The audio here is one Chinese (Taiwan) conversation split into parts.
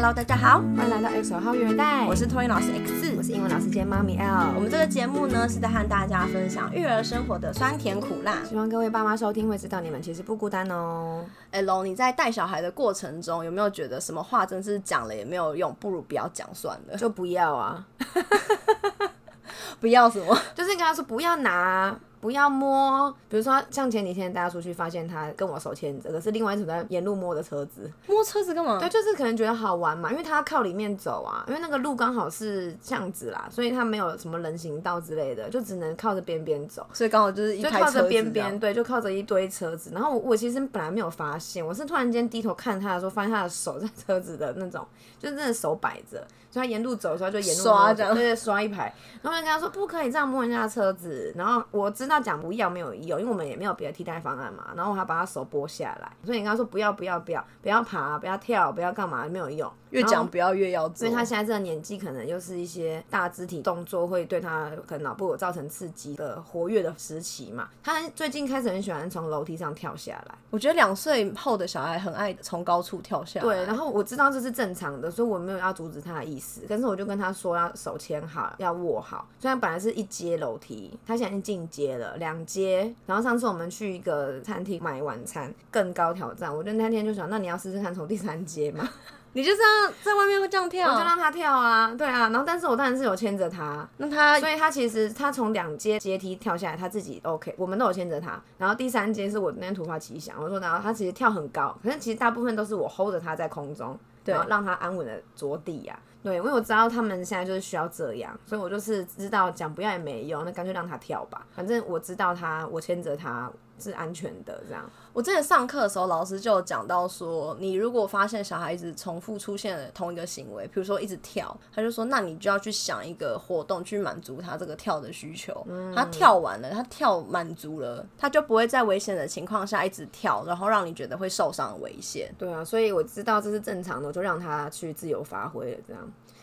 Hello，大家好，Hi. 歡迎來到 X 二號育兒袋。Hi. 我是托尼老師 X 4, 我是英文老師兼媽咪 L。我們這個節目呢，是在和大家分享育兒生活的酸甜苦辣。希望各位爸媽收聽，會知道你們其實不孤單哦。L，、欸、你在帶小孩的過程中，有沒有覺得什麼話真是講了也沒有用，不如不要講算了？就不要啊？ 不要什麼？就是你跟他說不要拿。不要摸，比如說像前幾天，大家出去，發現他跟我手牽着，可是另外一組在沿路摸的車子，摸車子幹嘛？對，就是可能覺得好玩嘛，因為他靠裡面走啊，因為那個路剛好是巷子啦，所以他沒有什麼人行道之類的，就只能靠着邊邊走，所以剛好就是一車。就靠着邊邊對，就靠着一堆車子。然後我我其實本來沒有發現，我是突然間低頭看他的時候，發現他的手在車子的那種，就是真的手擺着，所以他沿路走的時候就沿路刷，對，對，對，刷一排。然後我就跟他說：“不可以這樣摸人家的車子。”然後我知道。講不要沒有用，因為我們也沒有別的替代方案嘛。然後我還把他手撥下來，所以你跟他說不要不要不要不要爬、不要跳、不要幹嘛也沒有用。越講不要越要做，所以他現在這個年紀可能又是一些大肢體動作會對他可能腦部有造成刺激的活躍的時期嘛。他最近開始很喜歡從樓梯上跳下來，我覺得兩歲後的小孩很愛從高處跳下來。對，然後我知道這是正常的，所以我沒有要阻止他的意思。但是我就跟他說要手牽好，要握好。雖然本來是一階樓梯，他現在已經進階。兩階，然後上次我們去一個餐廳買晚餐，更高挑戰。我就那天就想，那你要試試看從第三階嗎？ 你就這樣在外面會這樣跳，我就讓他跳啊，對啊。然後，但是我當然是有牽着他，那他，所以他其實他從兩階階梯跳下來，他自己 OK，我們都有牽着他。然後第三階是我那天突發奇想，我說，然後他其實跳很高，可是其實大部分都是我 hold 着他在空中，對然後讓他安穩的着地呀，啊。對，因為我知道他們現在就是需要這樣，所以我就是知道講不要也沒用，那乾脆讓他跳吧。反正我知道他，我牽着他。是安全的，這樣。我之前上課的時候，老師就有講到說，你如果發現小孩子重複出現了同一個行為，比如說一直跳，他就說，那你就要去想一個活動去滿足他這個跳的需求。嗯、他跳完了，他跳滿足了，他就不會在危險的情況下一直跳，然後讓你覺得會受傷的危險。對啊，所以我知道這是正常的，我就讓他去自由發揮了這樣。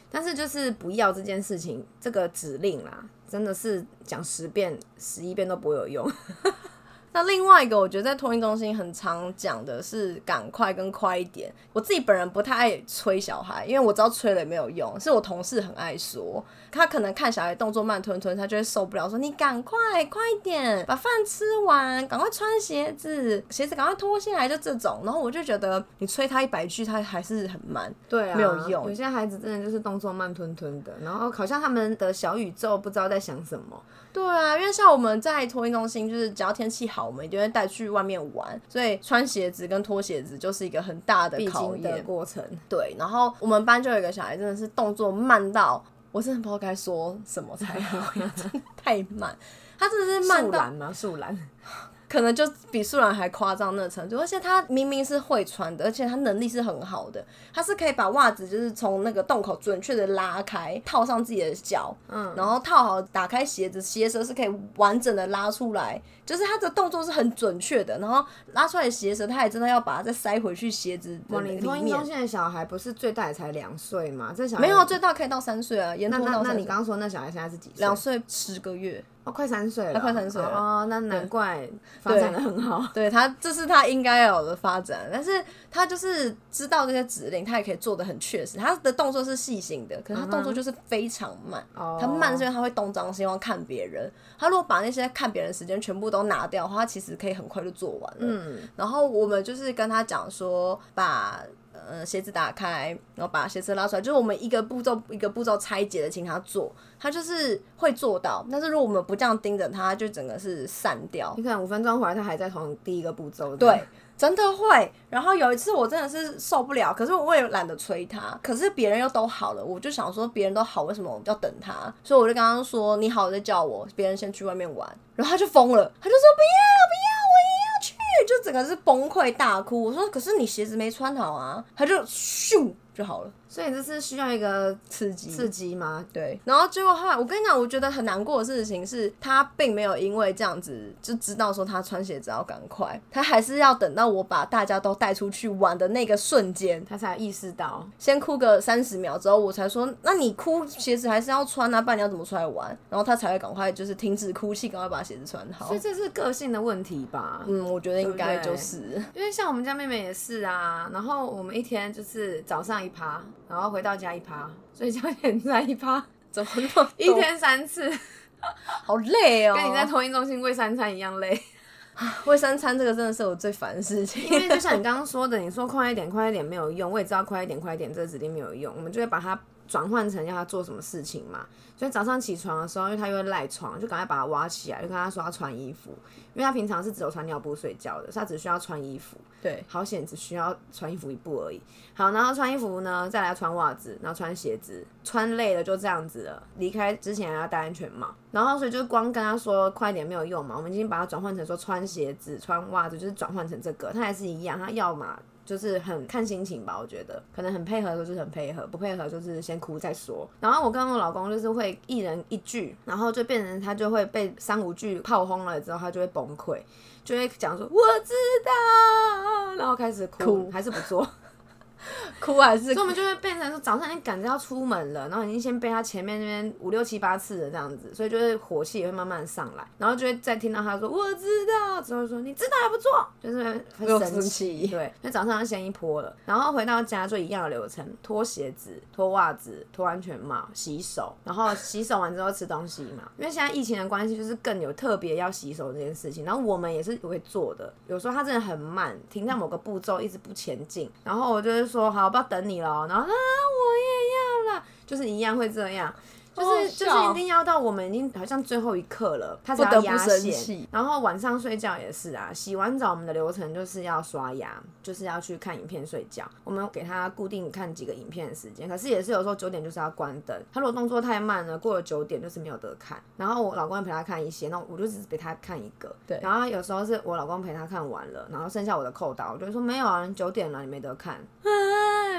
但是就是不要這件事情，這個指令啦，真的是講十遍、十一遍都不會有用。 那另外一個，我覺得在托育中心很常講的是趕快跟快一點。我自己本人不太愛催小孩，因為我知道催了也沒有用。是我同事很愛說，他可能看小孩動作慢吞吞，他就會受不了，說你趕快快一點，把飯吃完，趕快穿鞋子，鞋子趕快脫下來，就這種。然後我就覺得你催他一百句，他還是很慢，對啊，沒有用。有些孩子真的就是動作慢吞吞的，然後好像他們的小宇宙不知道在想什麼。對啊，因為像我們在托嬰中心，就是只要天氣好，我們一定會帶去外面玩，所以穿鞋子跟脫鞋子就是一個很大的考驗過程。對，然後我們班就有一個小孩，真的是動作慢到，我真的不知道該說什麼才好，真 太慢。他真的是慢到，樹懶嗎？樹懶。可能就比樹懶還誇張那程度，而且他明明是會穿的，而且他能力是很好的，他是可以把襪子就是從那個洞口準確的拉開，套上自己的腳，嗯，然後套好，打開鞋子，鞋舌是可以完整的拉出來，就是他的動作是很準確的，然後拉出來的鞋舌，他還真的要把它再塞回去鞋子裡面。托嬰中心現在小孩，不是最大也才兩歲嗎？這小孩有沒有，最大可以到三歲啊。到那那那你剛剛說，那小孩現在是幾歲？兩歲十個月。哦，快三歲了，快三歲了。哦，那難怪發展的很好。 對他，這是他應該要有的發展。但是他就是知道這些指令，他也可以做得很確實。他的動作是細心的，可是他動作就是非常慢。嗯、哼他慢是因為他會東張西望看別人。哦、他如果把那些看別人的時間全部都拿掉的話，他其實可以很快就做完了。嗯。然後我們就是跟他講說，把。嗯，鞋子打開，然後把鞋子拉出來，就是我們一個步驟一個步驟拆解的，請他做，他就是會做到。但是如果我們不這樣盯着他，他就整個是散掉。你看五分鐘回來，他還在從第一個步驟。對，真的會。然後有一次我真的是受不了，可是我也懶得催他，可是別人又都好了，我就想說別人都好，為什麼我要等他？所以我就剛剛說你好了再叫我，別人先去外面玩，然後他就瘋了，他就說不要不要。整個是崩潰大哭，我說，可是你鞋子沒穿好啊，他就咻。就好了，所以這是需要一個刺激，刺激嗎？對。然後最後後來，我跟你講，我覺得很難過的事情是，他並沒有因為這樣子就知道說他穿鞋子要趕快，他還是要等到我把大家都帶出去玩的那個瞬間，他才意識到。先哭個三十秒之後，我才說，那你哭鞋子還是要穿啊？不然你要怎麼出來玩？然後他才會趕快就是停止哭泣，趕快把鞋子穿好。所以這是個性的問題吧？嗯，我覺得應該就是對對 因為像我們家妹妹也是啊，然後我們一天就是早上。一趴，然後回到家一趴，睡覺前再一趴，怎麼弄？一天三次， 好累哦，跟你在托嬰中心餵三餐一樣累。餵 三餐這個真的是我最煩的事情，因為就像你剛剛說的，你說快一點，快一點沒有用，我也知道快一點，快一點這指令沒有用，我們就會把它。轉換成要他做什麼事情嘛，所以早上起床的時候，因為他又會賴床，就趕快把他挖起來，就跟他說他穿衣服，因為他平常是只有穿尿布睡覺的，所以他只需要穿衣服，對，好險只需要穿衣服一步而已。好，然後穿衣服呢，再來要穿襪子，然後穿鞋子，穿累了就這樣子了。離開之前還要戴安全帽，然後所以就是光跟他說快點沒有用嘛，我們已經把它轉換成說穿鞋子、穿襪子，就是轉換成這個，他還是一樣，他要嘛。就是很看心情吧，我覺得可能很配合就是很配合，不配合就是先哭再說。然後我跟我老公就是會一人一句，然後就變成他就會被三五句炮轟了之後，他就會崩潰，就會講說我知道，然後開始哭，哭還是不做。 哭還是，所以我們就會變成說，早上已經趕着要出門了，然後已經先背他前面那邊五六七八次，的這樣子，所以就是火氣也會慢慢上來，然後就會再聽到他說我知道，之後就說你知道還不做，就是很神奇。對，因為早上要先一波了，然後回到家就一樣的流程：脫鞋子、脫襪子、脫安全帽、洗手，然後洗手完之後吃東西嘛。因為現在疫情的關係，就是更有特別要洗手這件事情。然後我們也是會做的，有時候他真的很慢，停在某個步驟一直不前進，然後我就說。說好不要等你了，然後啊我也要了，就是一樣會這樣。就是、oh, 小就是一定要到我們已經好像最後一刻了，他才要壓線。不不然後晚上睡覺也是啊，洗完澡我們的流程就是要刷牙，就是要去看影片睡覺。我們給他固定看幾個影片的時間，可是也是有時候九點就是要關燈。他如果動作太慢了，過了九點就是沒有得看。然後我老公陪他看一些，那我就只陪他看一個。對。然後有時候是我老公陪他看完了，然後剩下我的扣刀，我就說沒有啊，九點了，你沒得看。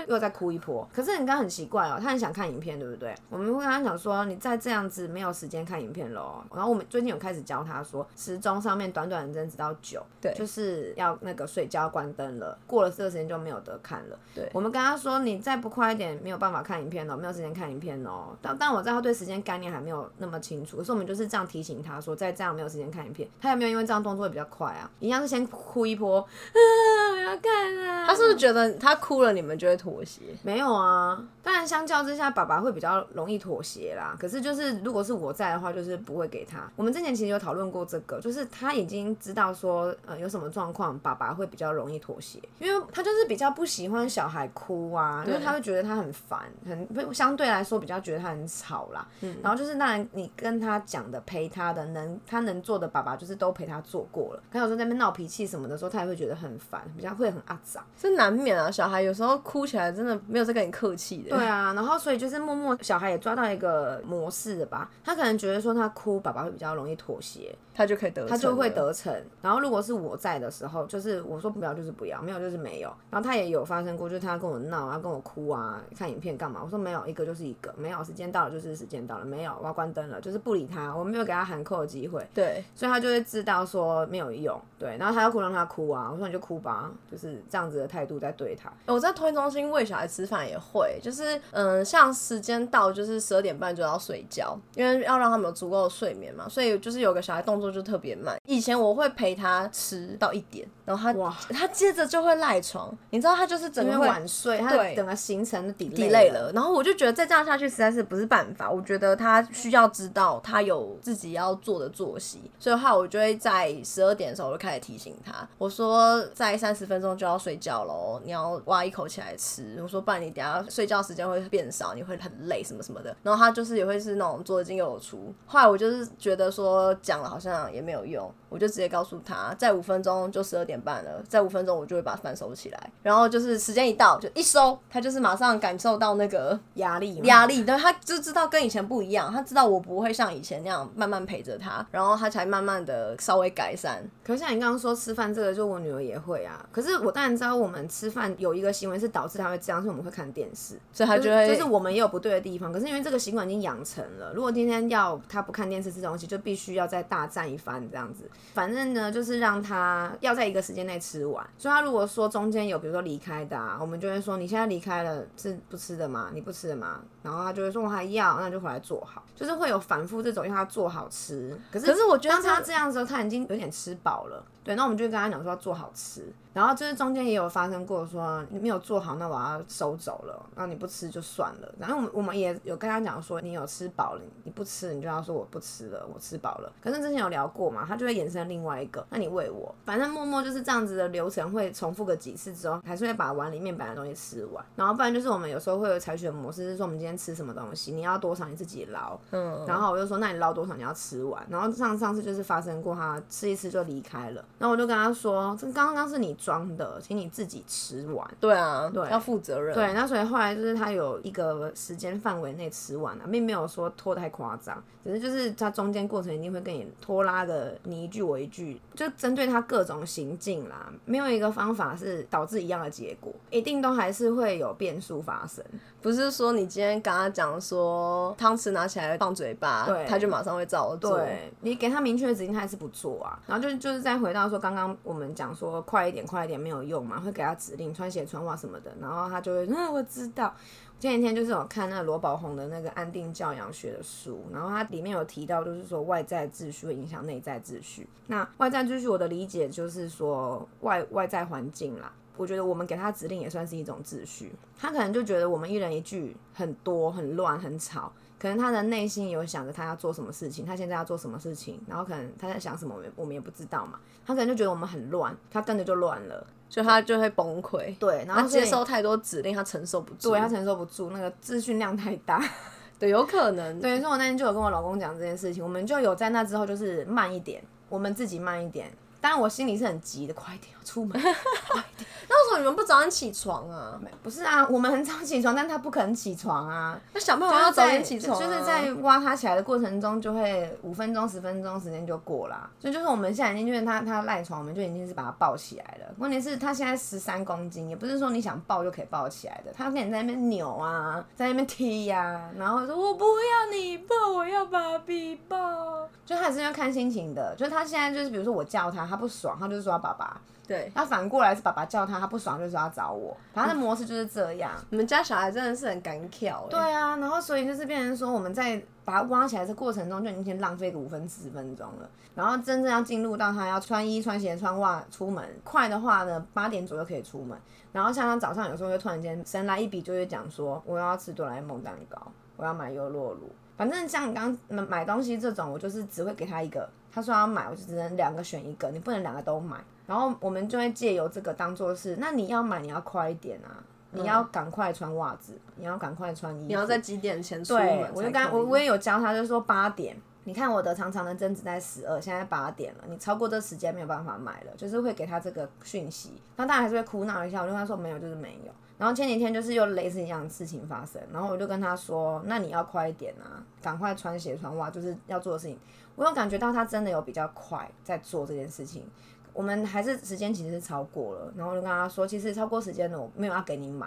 又再哭一波，可是你剛剛很奇怪哦，他很想看影片，對不對？我們會跟他講說，你再這樣子沒有時間看影片嘍。然後我們最近有開始教他說，時鐘上面短短的針直到九，對，就是要那個睡覺關燈了，過了這個時間就沒有得看了。對，我們跟他說，你再不快一點，沒有辦法看影片嘍，沒有時間看影片嘍。但但我知道他對時間概念還沒有那麼清楚，可是我們就是這樣提醒他說，再這樣沒有時間看影片，他有沒有因為這樣動作會比較快啊，一樣是先哭一波。呵呵要看啊，他是不是覺得他哭了，你們就會妥協？沒有啊，當然相較之下，爸爸會比較容易妥協啦。可是就是如果是我在的話，就是不會給他。我們之前其實有討論過這個，就是他已經知道說，嗯、呃，有什麼狀況，爸爸會比較容易妥協，因為他就是比較不喜歡小孩哭啊，因為他會覺得他很煩，很相對來說比較覺得他很吵啦。嗯、然後就是那你跟他講的陪他的能他能做的，爸爸就是都陪他做過了。他有時候在那邊鬧脾氣什麼的時候，他也會覺得很煩，比較。會很阿雜，這難免啊。小孩有時候哭起來真的沒有在跟你客氣的。對啊，然後所以就是默默小孩也抓到一個模式的吧。他可能覺得說他哭，爸爸會比較容易妥協，他就可以得逞，他就會得逞。然後如果是我在的時候，就是我說不要就是不要，沒有就是沒有。然後他也有發生過，就是他跟我鬧啊，他跟我哭啊，看影片幹嘛？我說沒有，一個就是一個，沒有時間到了就是時間到了，沒有我要關燈了就是不理他，我沒有給他喊扣的機會。對，所以他就會知道說沒有用。對，然後他要哭讓他哭啊，我說你就哭吧。就是這樣子的態度在對他。我在托育中心餵小孩吃飯也會，就是嗯，像時間到就是十二點半就要睡覺，因為要讓他們有足夠的睡眠嘛。所以就是有個小孩動作就特別慢。以前我會陪他吃到一點，然後他哇他接着就會賴床，你知道他就是整天晚睡，他整個行程都 delay 了。對然後我就覺得再這樣下去實在是不是辦法。我覺得他需要知道他有自己要做的作息。所以的話，我就會在十二點的時候我就開始提醒他，我說在三十分。分鐘就要睡覺嘍，你要挖一口起來吃。我說，不然你等下睡覺時間會變少，你會很累什麼什麼的。然後他就是也會是那種左進右出。後來我就是覺得說，講了好像也沒有用。我就直接告訴他，再五分鐘就十二點半了，再五分鐘我就會把飯收起來，然後就是時間一到就一收，他就是馬上感受到那個壓力，壓力，但他就知道跟以前不一樣，他知道我不會像以前那樣慢慢陪着他，然後他才慢慢的稍微改善。可是像你剛剛說吃飯這個，就我女兒也會啊，可是我當然知道我們吃飯有一個行為是導致他會這樣，是我們會看電視，所以他就會就是,就是我們也有不對的地方，可是因為這個習慣已經養成了，如果今天要他不看電視這種東西，就必須要再大戰一番這樣子。反正呢，就是讓他要在一個時間內吃完。所以，他如果說中間有，比如說離開的、啊，我們就會說：“你現在離開了是不吃的嗎？你不吃的嗎？”然後他就會說：“我還要，那就回來做好。”就是會有反覆這種，因為他做好吃。可是可是我覺得是當他這樣的時候，他已經有點吃飽了。對，那我們就跟他講說要做好吃。然後就是中間也有發生過說你沒有做好，那我要收走了，那你不吃就算了。然後我們我們也有跟他講說你有吃飽了，你不吃你就要說我不吃了，我吃飽了。可是之前有聊過嘛，他就會衍生另外一個，那你餵我。反正默默就是這樣子的流程會重複個幾次之後，還是會把碗裡面擺的東西吃完。然後不然就是我們有時候會有採取的模式，就是說我們今天。吃什麼東西？你要多少你自己撈。嗯。然後我就說，那你撈多少你要吃完。然後上上次就是發生過，他吃一吃就離開了。然後我就跟他說，這剛剛是你裝的，請你自己吃完。對啊，對，要負責任。對，那所以後來就是他有一個時間範圍內吃完啊，並沒有說拖太誇張，只是就是他中間過程一定會跟你拖拉的，你一句我一句，就針對他各種行徑啦。沒有一個方法是導致一樣的結果，一定都還是會有變數發生。不是說你今天。跟他講說湯匙拿起來放嘴巴，對他就馬上會照做。對你給他明確的指令，他還是不做啊。然後就是就是再回到說剛剛我們講說快一點，快一點沒有用嘛，會給他指令穿鞋、穿襪什麼的，然後他就會嗯，我知道。我前幾天就是有看那個羅寶鴻的那個《安定教養學》的書，然後它裡面有提到，就是說外在秩序會影響內在秩序。那外在秩序我的理解就是說外外在環境啦。我覺得我們給他指令也算是一種秩序，他可能就覺得我們一人一句很多很亂很吵，可能他的內心有想着他要做什麼事情，他現在要做什麼事情，然後可能他在想什麼，我們也不知道嘛，他可能就覺得我們很亂，他跟着就亂了，所以他就會崩潰，對,對，然後接收太多指令他承受不住，對，他承受不住那個資訊量太大， 對，有可能，對，所以我那天就有跟我老公講這件事情，我們就有在那之後就是慢一點，我們自己慢一點。但我心裡是很急的，快點要出門， 快點。然後。為什麼你們不早點起床啊？不是啊，我們很早起床，但他不肯起床啊。他想辦法要早點起床，啊，就是，就是在挖他起來的過程中，就會五分鐘、十分鐘時間就過了，啊。所以、嗯、就，就是我們現在已經因為他他賴床，我們就已經是把他抱起來了。問題是，他現在十三公斤，也不是說你想抱就可以抱起來的。他跟你在那邊扭啊，在那邊踢呀，啊，然後說：“我不要你抱，我要芭比抱。”就還是要看心情的。就是他現在就是，比如說我叫他，他不爽，他就是說：“爸爸。”對，他反過來是爸爸叫他，他不爽就說要找我，他的模式就是這樣。嗯，你們家小孩真的是很敢挑欸，對啊。然後所以就是變成說，我們在把他挖起來的過程中就已經先浪費個五分十分鐘了。然後真正要進入到他要穿衣、穿鞋、穿襪、出門，快的話呢，八點左右可以出門。然後像他早上有時候就突然間神來一筆，就會講說我要吃哆啦 A 夢蛋糕，我要買優酪乳。反正像你剛買東西這種，我就是只會給他一個。他說要買，我就只能兩個選一個，你不能兩個都買。然後我們就會借由這個當做是，那你要買你要快一點啊，嗯、你要趕快穿襪子，你要趕快穿衣服，你要在幾點前出門？對，我就剛我我也有教他，就是說八點，你看我的長長的針指在十二，現在八點了，你超過這時間沒有辦法買了，就是會給他這個訊息。他當然還是會苦惱一下，我就跟他說沒有就是沒有。然後前幾天就是有類似一樣的事情發生，然後我就跟他說：“那你要快一點啊，趕快穿鞋穿襪，就是要做的事情。”我有感覺到他真的有比較快在做這件事情。我們還是時間其實是超過了，然後我就跟他說：“其實超過時間了，我沒有要給你買。”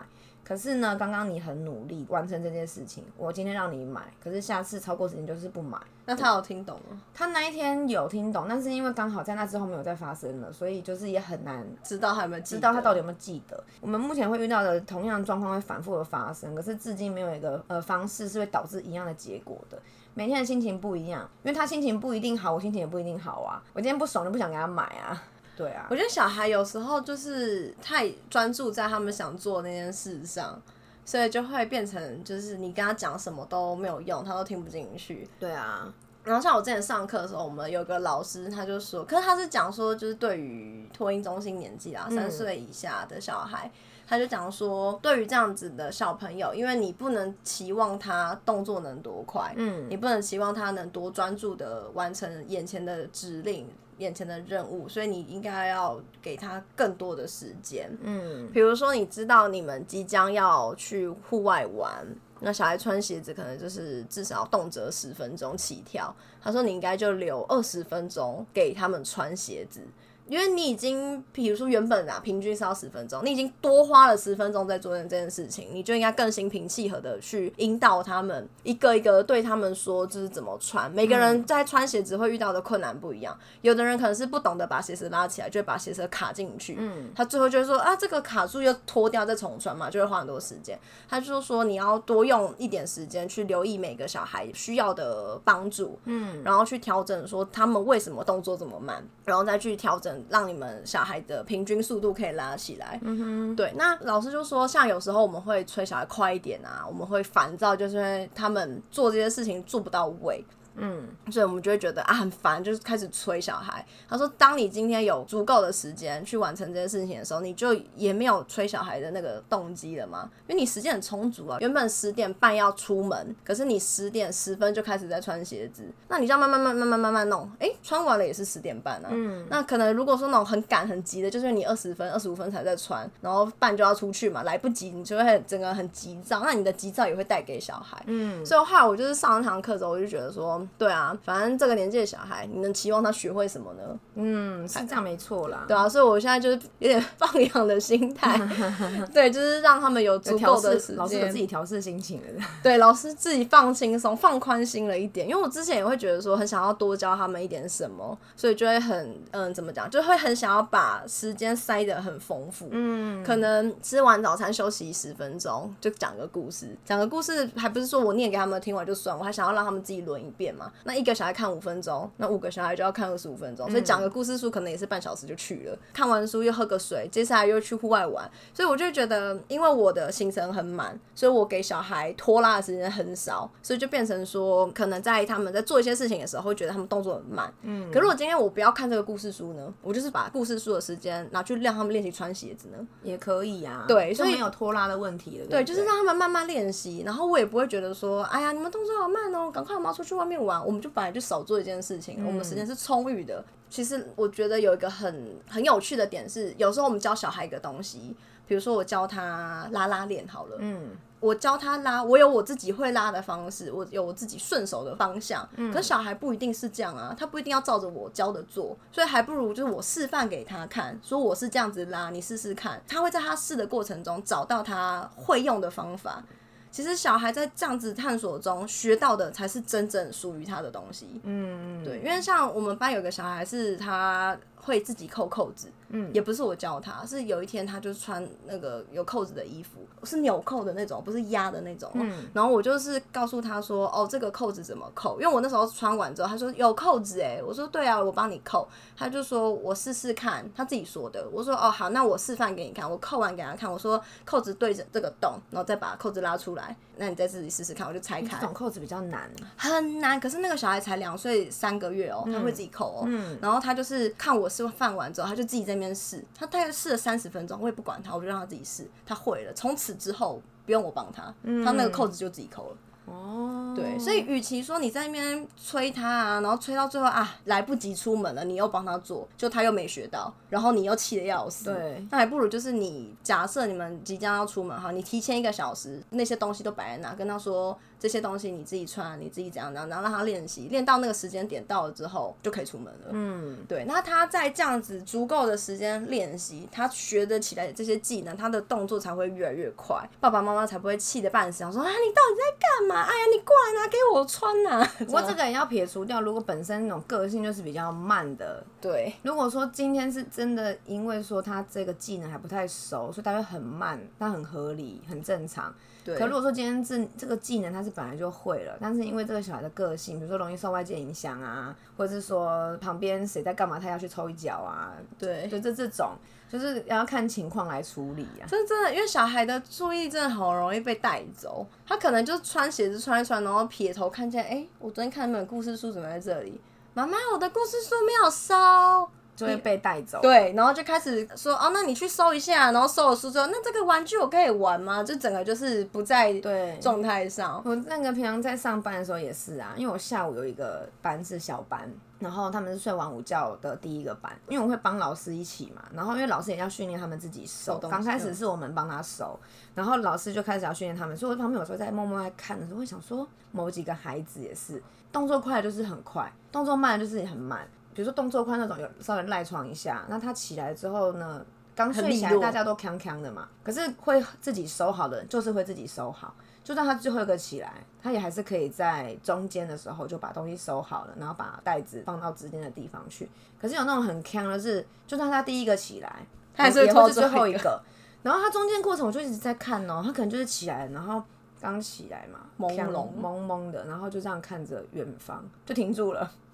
可是呢，剛剛你很努力完成這件事情，我今天讓你買，可是下次超過時間就是不買。那他有聽懂嗎？他那一天有聽懂，但是因為剛好在那之後沒有再發生了，所以就是也很難知道他有沒有知道他到底有沒有記得。我們目前會遇到的同樣狀況會反復的發生，可是至今沒有一個呃方式是會導致一樣的結果的。每天的心情不一樣，因為他心情不一定好，我心情也不一定好啊。我今天不爽就不想給他買啊。對啊，我覺得小孩有時候就是太專注在他們想做那件事上，所以就會變成就是你跟他講什麼都沒有用，他都聽不進去。對啊，然後像我之前上課的時候，我們有個老師他就說，可是他是講說就是對於托嬰中心年紀啦，嗯、三歲以下的小孩。他就講說，對於這樣子的小朋友，因為你不能期望他動作能多快，嗯，你不能期望他能多專注的完成眼前的指令、眼前的任務，所以你應該要給他更多的時間，嗯，比如說你知道你們即將要去戶外玩，那小孩穿鞋子可能就是至少動輒十分鐘起跳，他說你應該就留二十分鐘給他們穿鞋子。因為你已經，比如說原本啊，平均是要十分鐘，你已經多花了十分鐘在做這件事情，你就應該更心平氣和的去引導他們，一個一個對他們說，就是怎麼穿。每個人在穿鞋子會遇到的困難不一樣，嗯、有的人可能是不懂得把鞋舌拉起來，就會把鞋舌卡進去，嗯，他最後就會說啊，這個卡住又脫掉再重穿嘛，就會花很多時間。他就說你要多用一點時間去留意每個小孩需要的幫助，嗯，然後去調整說他們為什麼動作這麼慢，然後再去調整。讓你們小孩的平均速度可以拉起來。嗯哼，對，那老師就說，像有時候我們會催小孩快一點啊，我們會煩躁，就是因為他們做這些事情做不到位。嗯，所以我們就會覺得啊，很煩，就是開始催小孩。他說，當你今天有足夠的時間去完成這件事情的時候，你就也沒有催小孩的那個動機了嗎？因為你時間很充足啊。原本十點半要出門，可是你十點十分就開始在穿鞋子，那你就要慢慢慢慢慢慢慢弄，哎、欸，穿完了也是十點半啊。嗯。那可能如果說那種很趕很急的，就是你二十分、二十五分才在穿，然後半就要出去嘛，來不及，你就會整個很急躁。那你的急躁也會帶給小孩。嗯。所以後來我就是上一堂課之後，我就覺得說。對啊，反正這個年紀的小孩，你能期望他學會什麼呢？嗯，是這樣沒錯啦。對啊，所以我現在就是有點放養的心態， 對，就是讓他們有足夠的時間自己調試心情了。對，老師自己放輕鬆、放寬心了一點，因為我之前也會覺得說很想要多教他們一點什麼，所以就會很嗯，怎麼講，就會很想要把時間塞得很豐富。嗯，可能吃完早餐休息十分鐘，就講個故事，講個故事，還不是說我念給他們聽完就算，我還想要讓他們自己輪一遍嘛。那一個小孩看五分鐘，那五個小孩就要看二十五分鐘，所以講個故事書可能也是半小時就去了。嗯、看完書又喝個水，接下來又去戶外玩，所以我就覺得，因為我的行程很滿，所以我給小孩拖拉的時間很少，所以就變成說，可能在他們在做一些事情的時候，會覺得他們動作很慢。嗯。可如果今天我不要看這個故事書呢，我就是把故事書的時間拿去讓他們練習穿鞋子呢，也可以啊。對，所以沒有拖拉的問題了，對對。對，就是讓他們慢慢練習，然後我也不會覺得說，哎呀，你們動作好慢哦，趕快我們要出去外面。我們就本來就少做一件事情，我們時間是充裕的。嗯，其實我覺得有一個很很有趣的點是，有時候我們教小孩一個東西，比如說我教他拉拉鏈好了，嗯，我教他拉，我有我自己會拉的方式，我有我自己順手的方向，嗯，可小孩不一定是這樣啊，他不一定要照着我教的做，所以還不如就是我示範給他看，說我是這樣子拉，你試試看，他會在他試的過程中找到他會用的方法。其實小孩在這樣子探索中學到的才是真正屬於他的東西。嗯，對，因為像我們班有個小孩是他。會自己扣扣子，嗯，也不是我教他，是有一天他就是穿那個有扣子的衣服，是紐扣的那種，不是壓的那種，嗯，然後我就是告訴他說，哦，這個扣子怎麼扣？因為我那時候穿完之後，他說有扣子，欸，哎，我說對啊，我幫你扣，他就說我試試看，他自己說的，我說哦好，那我示範給你看，我扣完給他看，我說扣子對着這個洞，然後再把扣子拉出來。那你再自己試試看，我就拆開。這種扣子比較難、啊，很難。可是那個小孩才兩歲三個月哦、喔，嗯、他會自己扣哦、喔。嗯、然後他就是看我吃飯完之後，他就自己在那邊試。他大概試了三十分鐘，我也不管他，我就讓他自己試。他會了，從此之後不用我幫他，嗯、他那個扣子就自己扣了。哦，對，所以與其說你在那邊催他啊，然後催到最後啊來不及出門了，你又幫他做，就他又沒學到，然後你又氣得要死。對，那還不如就是你假設你們即將要出門哈，你提前一個小時那些東西都擺在那，跟他說這些東西你自己穿，你自己怎樣怎樣，然後讓他練習，練到那個時間點到了之後就可以出門了。嗯，對，那他在這樣子足夠的時間練習，他學得起來這些技能，他的動作才會越來越快，爸爸媽媽才不會氣得半死，想說啊，你到底在幹嘛？哎呀，你過來拿給我穿吶啊！不過這個也要撇除掉，如果本身那種個性就是比較慢的，對。如果說今天是真的，因為說他這個技能還不太熟，所以他會很慢，他很合理，很正常。對。可如果說今天這這個技能他是本來就會了，但是因為這個小孩的個性，比如說容易受外界影響啊，或者是說旁邊誰在幹嘛，他要去抽一腳啊，對，就這這種。就是要看情況來處理呀、啊，真是真的，因為小孩的注意力真的好容易被帶走，他可能就穿鞋子穿一穿，然後撇頭看見，哎、欸，我昨天看那本故事書怎麼在這裡？媽媽，我的故事書沒有收，就會被帶走、欸。對，然後就開始說，哦、喔，那你去收一下，然後收了書之後，那這個玩具我可以玩嗎？就整個就是不在狀態上。對我那個平常在上班的時候也是啊，因為我下午有一個班是小班。然後他們是睡完午覺的第一個班，因為我會幫老師一起嘛。然後因為老師也要訓練他們自己收，剛開始是我們幫他收，對然後老師就開始要訓練他們。所以我旁邊有時候在默默在看的時候，會想說某幾個孩子也是，動作快就是很快，動作慢就是也很慢。比如說動作快那種，有稍微賴床一下，那他起來之後呢，剛睡起來大家都康康的嘛，可是會自己收好的，就是會自己收好。就算他最後一個起來，他也還是可以在中間的時候就把東西收好了，然後把袋子放到指定的地方去。可是有那種很鏘的是，就算他第一個起來，他還是也是拖最後一個。 然後他中間過程我就一直在看哦、喔，他可能就是起來，然後剛起來嘛，朦朧蒙懵的，然後就這樣看着遠方就停住了。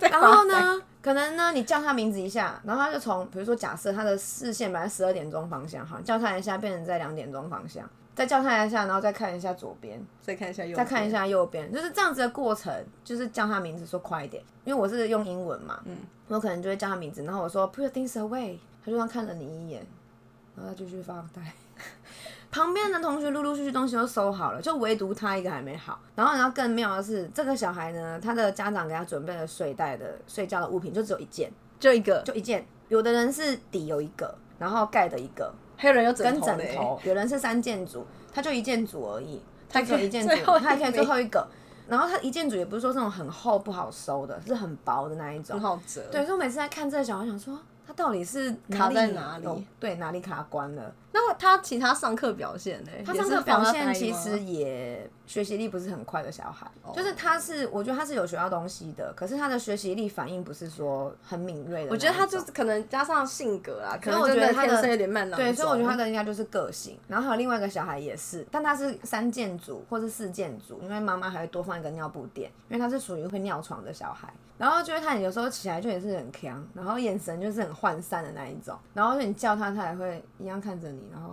對然後呢， 可能呢你叫他名字一下，然後他就從比如說假設他的視線本來十二點鐘方向，哈叫他一下，變成在兩點鐘方向。再叫他一下，然後再看一下左邊，看再看一下右，再看一下右邊，就是這樣子的過程。就是叫他名字，說快一點，因為我是用英文嘛。嗯。我可能就會叫他名字，然後我說 Put things away，他就算看了你一眼，然後他繼續發呆。 旁邊的同學陸陸續續東西都收好了，就唯獨他一個還沒好。然後，然後更妙的是，這個小孩呢，他的家長給他準備了睡袋的睡覺的物品，就只有一件，就一個，就一件。有的人是底有一個，然後蓋的一個。有人有枕頭、欸、跟枕頭， 有人是三件組，他就一件組而已。 他可以就一件組， 他還可以最後一個， 然後他一件組也不是說這種很厚不好收的，是很薄的那一種。很好折。對，所以我每次在看這個小孩，想說他到底是卡在哪裡？哪裡 對，哪裡卡關了？那麼他其他上課表現呢？他上課表現其實也學習力不是很快的小孩，是就是他是我覺得他是有學到東西的，可是他的學習力反應不是說很敏銳的。我覺得他就是可能加上性格啊，可能的我覺得天生有點慢。對，所以我覺得他的應該就是個性。然後還有另外一個小孩也是，但他是三件組或是四件組，因為媽媽還會多放一個尿布墊，因為他是屬於會尿床的小孩。然後就是他有時候起來就也是很強，然後眼神就是很渙散的那一種，然後你叫他他也會一樣看着你。然後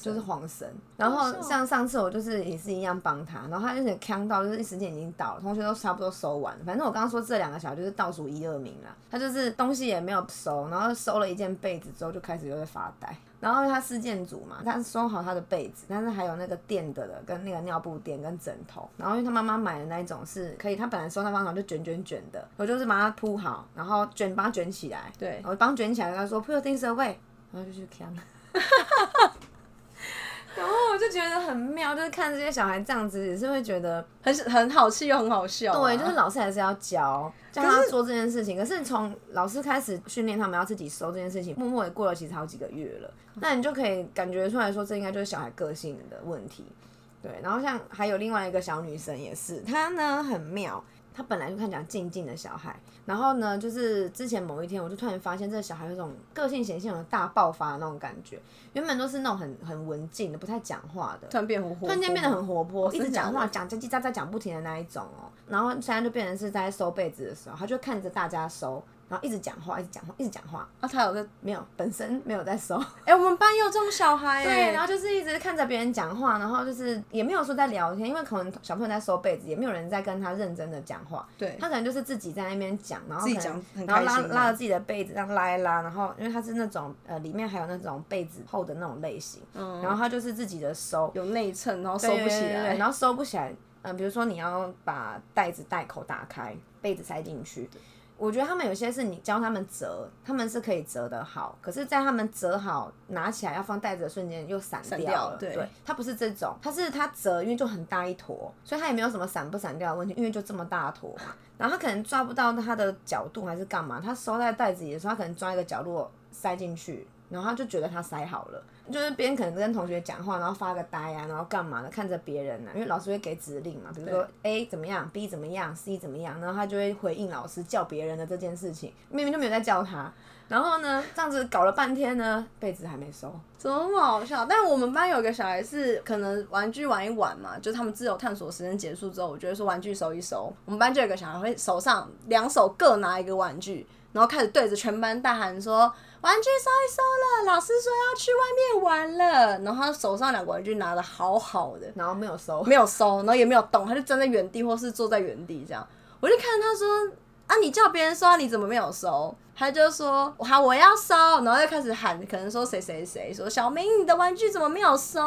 就是黃神，黃色然後像上次我就是也是一樣幫他，色然後他有點扛到，就是時間已經到了，同學都差不多收完了，反正我剛剛說這兩個小孩就是倒數一二名了，他就是東西也沒有收，然後收了一件被子之後就開始就在發呆，然後他事件組嘛，他收好他的被子，但是還有那個墊的的跟那個尿布墊跟枕頭，然後因為他媽媽買的那一種是可以，他本來收納方法就卷卷卷的，我就是把它鋪好，然後卷把它卷起來，對我幫卷起來，跟他說 put things away，然後就去扛。 覺得很妙，就是看這些小孩這樣子，也是會覺得很很好氣又很好笑啊。對，就是老師還是要教教他說這件事情。可是從老師開始訓練他們要自己收這件事情，默默也過了其實好幾個月了。那你就可以感覺出來說，這應該就是小孩個性的問題。對，然後像還有另外一個小女生也是，她呢很妙。他本來就看起來靜靜的小孩，然後呢，就是之前某一天，我就突然發現這個小孩有一種個性顯現、有的大爆發的那種感覺。原本都是那種很很文靜的、不太講話的，突然變活潑，突然間變得很活潑，哦、一直講話，講嘰嘰喳喳、講，再再講不停的那一種哦。然後現在就變成是在收被子的時候，他就看着大家收。然後一直講話，一直講話，一直講話。啊，他有在沒有，本身沒有在收。哎、欸，我們班也有這種小孩。對，然後就是一直看着別人講話，然後就是也沒有說在聊天，因為可能小朋友在收被子，也沒有人在跟他認真的講話。對。他可能就是自己在那邊講，然後自己講很開心，然後拉拉着自己的被子這樣拉一拉，然後因為他是那種呃裡面還有那種被子厚的那種類型，嗯、然後他就是自己的收，有內襯，然後收不起來，對對對對，嗯、然後收不起來。嗯、呃，比如說你要把袋子袋口打開，被子塞進去。我覺得他們有些是你教他們摺，他們是可以摺得好。可是，在他們摺好拿起來要放袋子的瞬間又散掉了。掉。對，它不是這種，它是它摺，因為就很大一坨，所以它也沒有什麼散不散掉的問題，因為就這麼大一坨嘛。然後它可能抓不到它的角度還是幹嘛，它收在袋子裡的時候，它可能抓一個角落塞進去。然後他就覺得他塞好了，就是別人可能跟同學講話，然後發個呆啊，然後幹嘛呢，看着別人呢、啊，因為老師會給指令嘛，比如說 A 怎麼樣，B 怎麼樣，C 怎麼樣，然後他就會回應老師叫別人的這件事情，明明就沒有在叫他。然後呢，這樣子搞了半天呢，被子還沒收，怎麼那麼好笑？但我們班有個小孩是可能玩具玩一玩嘛，就是、他們自由探索時間結束之後，我覺得說玩具收一收。我們班就有個小孩會手上兩手各拿一個玩具，然後開始對着全班大喊說，玩具收一收了，老師說要去外面玩了，然後他手上兩個玩具拿的好好的，然後沒有收，沒有收，然後也沒有動，他就站在原地或是坐在原地這樣，我就看他說啊，你叫別人收啊，你怎麼沒有收？他就說，好啊，我要收，然後又開始喊，可能說誰誰誰，說小明，你的玩具怎麼沒有收？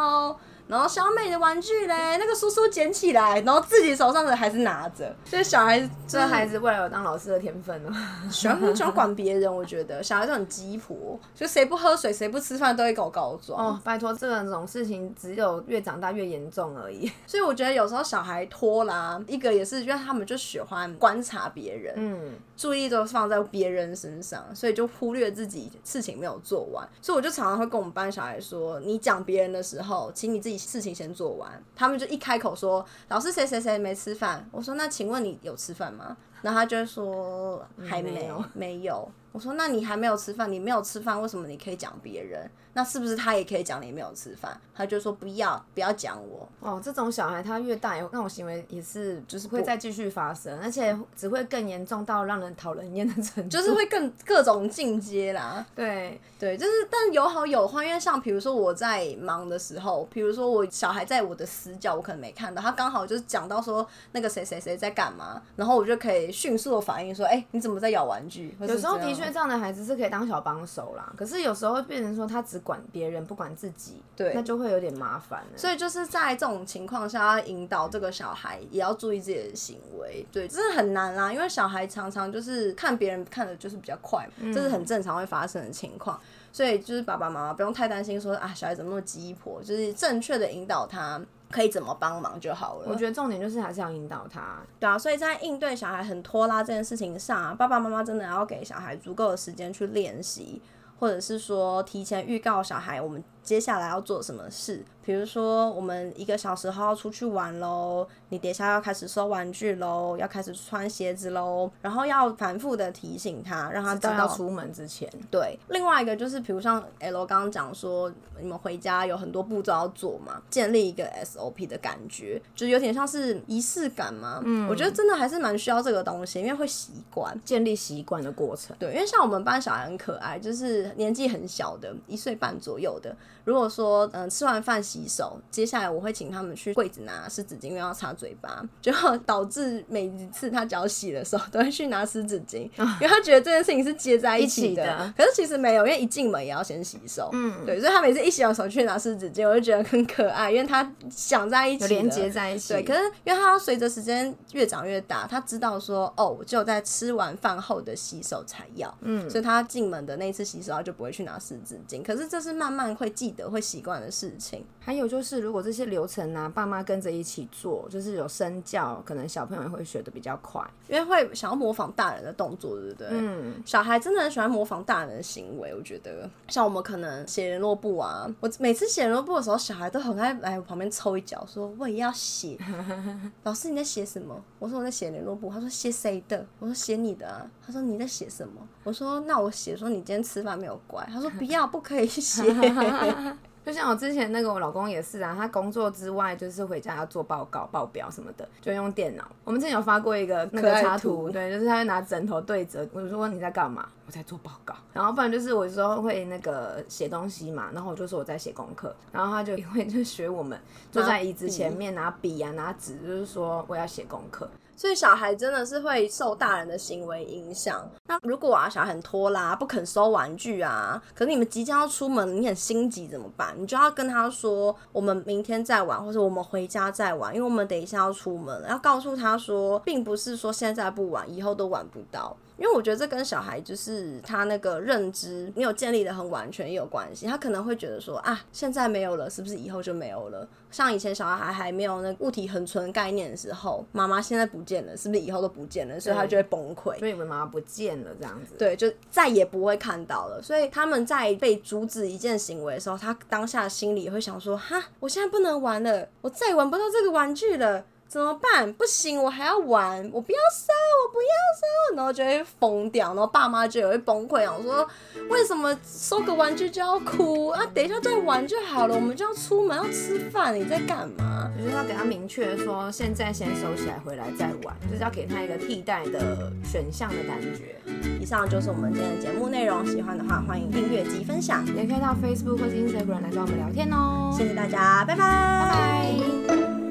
然後小美的玩具嘞，那個叔叔撿起來，然後自己手上的還是拿着。這小孩子、就是，這孩子未來有當老師的天分哦，喜歡很喜歡管別人。我覺得小孩就很雞婆，就誰不喝水，誰不吃飯，都會搞搞狀。哦，拜托，這種事情只有越長大越嚴重而已。 所以我覺得有時候小孩拖拉，一個也是因為他們就喜歡觀察別人，嗯，注意都放在別人身上，所以就忽略自己事情沒有做完。所以我就常常會跟我們班小孩說：“你講別人的時候，請你自己。”事情先做完，他們就一開口說：“老師誰誰誰沒吃飯。”我說：“那請問你有吃飯嗎？”然後他就說：“還沒有，沒，沒有。”我說：“那你還沒有吃飯，你沒有吃飯，為什麼你可以講別人？那是不是他也可以講你沒有吃飯？”他就說：“不要，不要講我。”哦，這種小孩他越大以後，那種行為也是就是會再繼續發生，我而且只會更嚴重到讓人討人厭的程度，就是會更各種進階啦。 對對，就是，但有好有壞，因為像比如說我在忙的時候，比如說我小孩在我的死角，我可能沒看到，他剛好就是講到說那個誰誰誰在幹嘛，然後我就可以迅速的反應說：“哎、欸，你怎麼在咬玩具？”有時候提。因為這樣的孩子是可以當小幫手啦，可是有時候會變成說他只管別人不管自己，對，那就會有點麻煩、欸。所以就是在這種情況下，要引導這個小孩也要注意自己的行為，對，真的很難啦。因為小孩常常就是看別人看的就是比較快嘛，嗯、這是很正常會發生的情況。所以就是爸爸媽媽不用太擔心說啊，小孩怎麼那麼雞婆，就是正確的引導他。可以怎麼幫忙就好了。我覺得重點就是還是要引導他。嗯，對啊。所以在應對小孩很拖拉這件事情上啊，爸爸媽媽真的要給小孩足夠的時間去練習，或者是說提前預告小孩，我們。接下來要做什麼事？比如說，我們一個小時後要出去玩嘍，你等一下要開始收玩具嘍，要開始穿鞋子嘍，然後要反覆的提醒他，讓他直到出門之前。對，另外一個就是，比如像 L 剛剛講說，你們回家有很多步驟要做嘛，建立一個 SOP 的感覺，就有點像是儀式感嘛。嗯，我覺得真的還是蠻需要這個東西，因為會習慣建立習慣的過程。對，因為像我們班小孩很可愛，就是年紀很小的，一歲半左右的。如果說嗯、呃、吃完飯洗手，接下來我會請他們去櫃子拿濕紙巾，因為要擦嘴巴，就導致每一次他腳洗的時候都會去拿濕紙巾，因為他覺得這件事情是接在一起的。 起的可是其實沒有，因為一進門也要先洗手，嗯，對，所以他每次一洗完手去拿濕紙巾，我就覺得很可愛，因為他想在一起，連接在一起。對，可是因為他要隨着時間越長越大，他知道說哦，我只有在吃完飯後的洗手才要，嗯，所以他進門的那一次洗手他就不會去拿濕紙巾。可是這是慢慢會。記得會習慣的事情，還有就是如果這些流程呢、啊，爸媽跟着一起做，就是有身教，可能小朋友也會學得比較快，因為會想要模仿大人的動作，對不對？嗯。小孩真的很喜歡模仿大人的行為，我覺得像我們可能寫聯絡簿啊，我每次寫聯絡簿的時候，小孩都很愛來我旁邊抽一腳，說我也要寫。 老師你在寫什麼？我說我在寫聯絡簿。他說寫誰的？我說寫你的、啊。他說你在寫什麼？我說那我寫說你今天吃飯沒有乖。他說不要不可以寫。 就像我之前那個我老公也是啊，他工作之外就是回家要做報告、報表什麼的，就用電腦。我們之前有發過一個那個插圖，可愛圖。對，就是他會拿枕頭對折。我就說你在幹嘛？我在做報告。然後不然就是我有時候會那個寫東西嘛，然後我就說我在寫功課。然後他就會就學我們坐在椅子前面拿筆啊拿紙，就是說我要寫功課。所以小孩真的是會受大人的行為影響。那如果啊，小孩很拖拉，不肯收玩具啊，可是你們即將要出門，你很心急怎麼辦？你就要跟他說，我們明天再玩，或者我們回家再玩，因為我們等一下要出門，要告訴他說，並不是說現在不玩，以後都玩不到。因為我覺得這跟小孩就是他那個認知沒有建立得很完全也有關係，他可能會覺得說啊，現在沒有了，是不是以後就沒有了？像以前小孩還沒有那個物體恆存的概念的時候，媽媽現在不見了，是不是以後都不見了？所以他就會崩潰。所以你們媽媽不見了，這樣子？對，就再也不會看到了。所以他們在被阻止一件行為的時候，他當下心裡也會想說：哈，我現在不能玩了，我再也玩不到這個玩具了。怎麼辦？不行，我還要玩，我不要收，我不要收，然後就會瘋掉，然後爸媽就會崩潰啊！我說，為什麼收個玩具就要哭啊？等一下再玩就好了，我們就要出門要吃飯，你在幹嘛？就是要給他明確說，現在先收起來，回來再玩，就是要給他一個替代的選項的感覺。以上就是我們今天的節目內容，喜歡的話歡迎訂閱及分享，也可以到 Facebook 或是 Instagram 來跟我們聊天哦。謝謝大家，拜拜，拜拜。